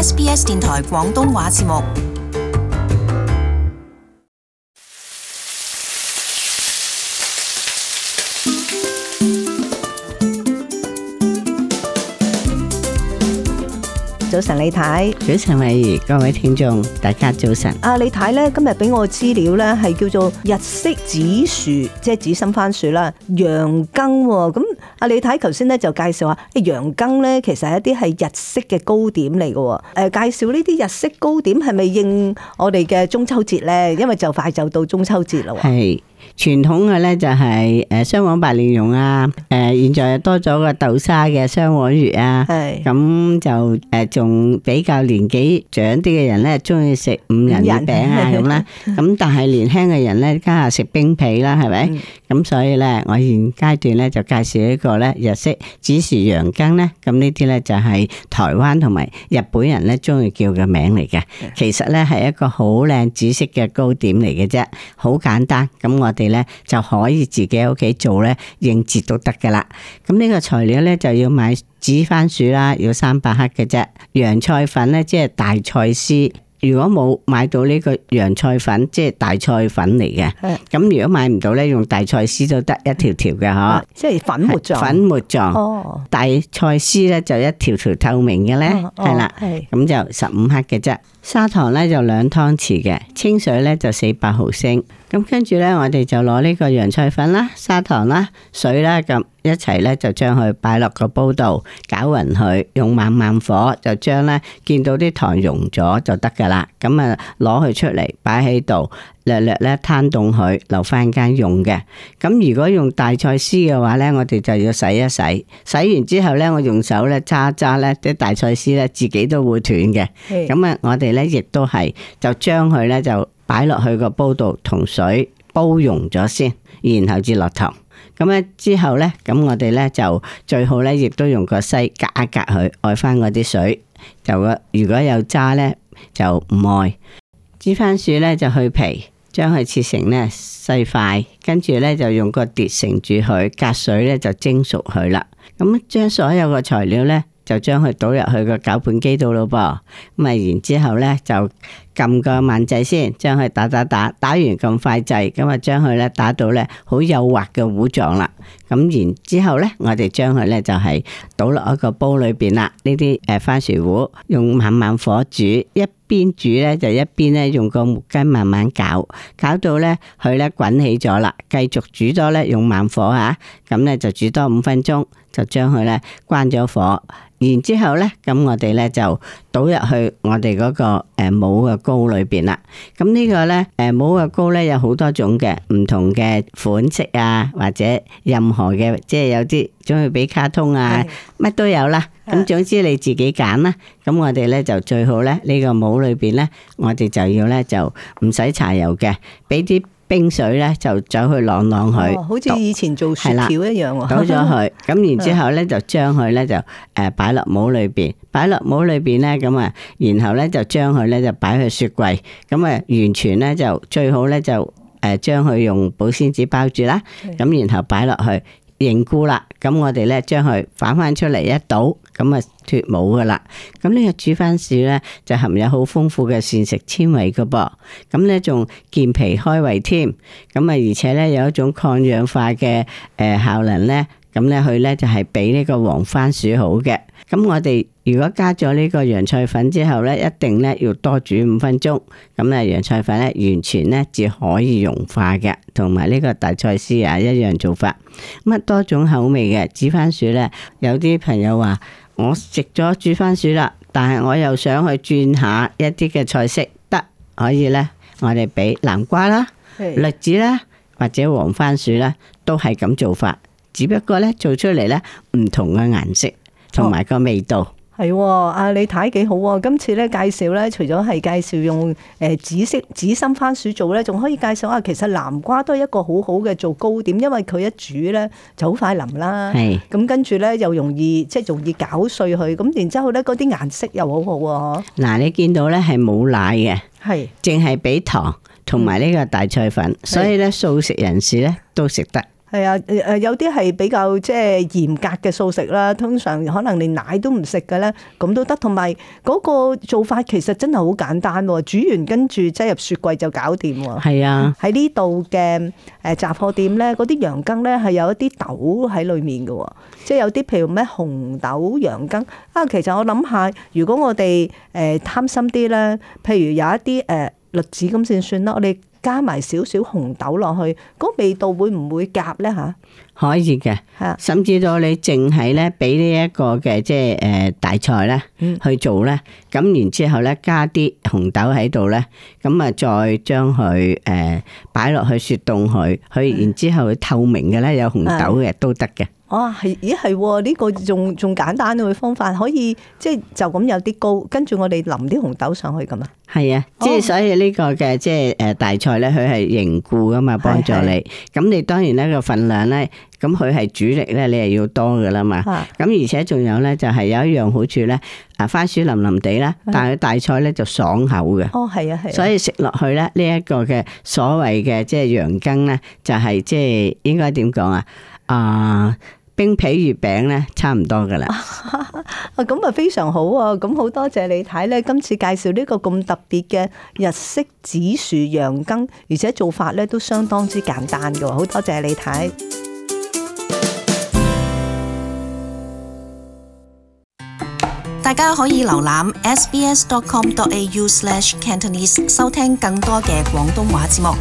SBS 電台廣東話節目。早晨，李太。早晨，慧如，各位聽眾，大家早晨。阿李太呢，今日俾我資料呢，係叫做日式紫薯，即係紫心番薯啦，羊羹。咁，阿李太頭先呢就介紹話，羊羹呢，其實係一啲係日式嘅糕點嚟嘅。誒、呃，介紹呢啲日式糕點係咪應我哋嘅中秋節呢？因為就快就到中秋節啦。係。傳統嘅咧就係誒雙黃白蓮蓉啊，誒、呃、現在多咗個豆沙嘅雙黃月啊，咁是就誒仲比較年紀長啲嘅人咧中意食五仁嘅餅啊咁啦，咁 但係年輕嘅人咧家下食冰皮啦係咪？咁所以咧，我現階段咧就介紹一個咧日式紫薯羊羹咧，咁呢啲咧就係台灣同埋日本人咧中意叫嘅名嚟嘅，其實咧係一個好靚紫色嘅糕點嚟嘅啫，好簡單，咁我哋咧就可以自己喺屋企做咧應節都得嘅啦。咁呢個材料咧就要買紫番薯啦，要三百克嘅啫，洋菜粉咧即係大菜絲。如果冇買到呢個洋菜粉，即係大菜粉嚟嘅，咁的如果買唔到咧，用大菜絲都得，一條條嘅嗬，即係的粉末狀，粉末狀。大菜絲咧就一條條透明嘅咧，係啦，哦，咁了、哦、就十五克嘅啫。砂糖咧就兩湯匙嘅，清水咧就四百毫升。咁跟住咧，我哋就攞呢個洋菜粉啦、砂糖啦、水啦咁。一齊咧就將佢擺落個煲度，攪勻佢，用慢慢火就將咧見到啲糖溶咗就得㗎喇。咁啊攞佢出嚟擺喺度，略略咧攤凍佢，留返間用嘅。咁如果用大菜絲嘅話咧，我哋就要洗一洗，洗完之後咧，我用手咧揸揸咧啲大菜絲咧，自己都會斷嘅。咁啊是，我哋咧亦都係就將佢咧就擺落去個煲度同水煲溶咗先，然後至落糖。咁之後呢，咁我哋呢就最好呢，亦都用個篩隔一隔佢，愛返嗰啲水。如果有渣呢，就唔愛。煮番薯呢就去皮，將佢切成呢細塊，跟住呢就用個碟盛住佢，隔水呢就蒸熟佢啦。咁將所有嘅材料呢。就將佢倒入去個攪拌機度咯噃，咁啊，然之後呢，就撳個慢制先，將佢打打打，打完咁快制，咁啊，將佢呢打到呢，好幼滑嘅糊狀啦。咁然之後咧，我哋將佢咧就係倒落一個煲裏邊啦。呢啲誒番薯糊用慢慢火煮，一邊煮咧就一邊咧用個木棍慢慢攪，攪到咧佢咧滾起咗啦。繼續煮多咧用慢火吓，咁咧就煮多五分鐘，就將佢咧關咗火。然之後咧，咁我哋咧就倒入去我哋嗰個誒模嘅糕裏邊啦。咁呢個咧誒模嘅糕咧有好多種嘅唔同嘅款式啊，或者任何。嘅，即係有啲將佢俾卡通啊，乜的都有啦。咁總之你自己揀啦。咁的我哋咧就最好咧，呢個帽裏邊咧，我哋就要咧就唔使搽油嘅，俾啲冰水咧就走去晾晾佢。哦，好似以前做雪條一樣喎。倒咗佢，咁然之後咧就將佢咧就誒擺落帽裏邊，擺落帽裏邊咧咁啊，然後咧就將佢咧就擺去雪櫃。咁啊， 完全咧就最好咧就。誒，將佢用保鮮紙包住啦，咁的然後擺落去凝固啦，咁我哋咧將佢反翻出嚟一倒，咁啊脫模噶啦，咁呢個煮番薯咧就含有好豐富嘅膳食纖維噶噃，咁咧仲健脾開胃添，咁啊而且咧有一種抗氧化嘅誒效能咧。咁咧，佢咧就係比呢個黃番薯好嘅。咁我哋如果加咗呢個洋菜粉之後咧，一定咧要多煮五分鐘。咁咧，洋菜粉咧完全咧至可以融化嘅，同埋呢個大菜絲啊一樣做法。乜多種口味嘅紫番薯咧，有啲朋友話我食咗煮番薯啦，但係我又想去轉下一啲嘅菜式，得可以咧，我哋俾南瓜啦、栗子啦或者黃番薯啦，都係咁做法。只不過咧，做出嚟咧唔同嘅顏色，同埋個味道係。阿、哦哦、你睇幾好啊！今次咧介紹咧，除咗係介紹用誒紫色紫心番薯做咧，仲可以介紹下其實南瓜都係一個好好嘅做糕點，因為佢一煮咧就好快腍啦。係咁是跟住咧又容易即係、就是、容易攪碎佢。咁然之後咧嗰啲顏色又好好啊。嗱，你見到咧係冇奶嘅，係淨係俾糖同埋呢個大菜粉，是所以咧素食人士咧都食得。係啊，誒有啲係比較即係嚴格嘅素食啦，通常可能連奶都唔食嘅咧，咁都得。同埋嗰個做法其實真係好簡單喎，煮完跟住擠入雪櫃就搞掂喎。係啊的，喺呢度嘅誒雜貨店咧，嗰啲羊羹咧係有一啲豆喺裏面嘅，即係有啲譬如咩紅豆羊羹。啊。其實我諗下，如果我哋誒、呃、貪心啲咧，譬如有一啲誒、呃、栗子咁先算啦。我哋。加埋少少紅豆落去，個味道會唔會夾咧吓？可以嘅，的甚至到你淨係咧俾呢一個嘅即係誒大菜咧去做咧，咁、嗯、然之後咧加啲紅豆喺度咧，咁啊再將佢誒擺落去雪凍佢，佢然之後透明嘅咧有紅豆嘅的都得嘅。哇，係、哦、咦係？呢、這個仲仲簡單嘅方法，可以即係就咁有啲高，跟住我哋淋啲紅豆上去咁啊。係啊的，即係、哦、所以呢個嘅即係誒大菜咧，佢係凝固噶嘛，幫的助你。咁的你當然咧、這個份量咧，咁佢係主力咧，你係要多噶啦嘛。咁、啊、而且仲有咧，就係、是、有一樣好處咧，啊番薯淋淋地咧，但係大菜咧就爽口嘅。的哦，係啊，係、哦。哦、所以食落去咧，呢、這、一個嘅所謂嘅即係羊羹咧、就是，就係即係應該點講啊？啊！啊冰皮月餅咧，差唔多噶啦。啊咁啊，非常好喎、啊！咁好多謝李太咧，今次介紹呢個咁特別嘅日式紫薯羊羹，而且做法咧都相當之簡單嘅。好多謝李太，大家可以瀏覽 sbs.com.au/cantonese 收聽更多嘅廣東話節目。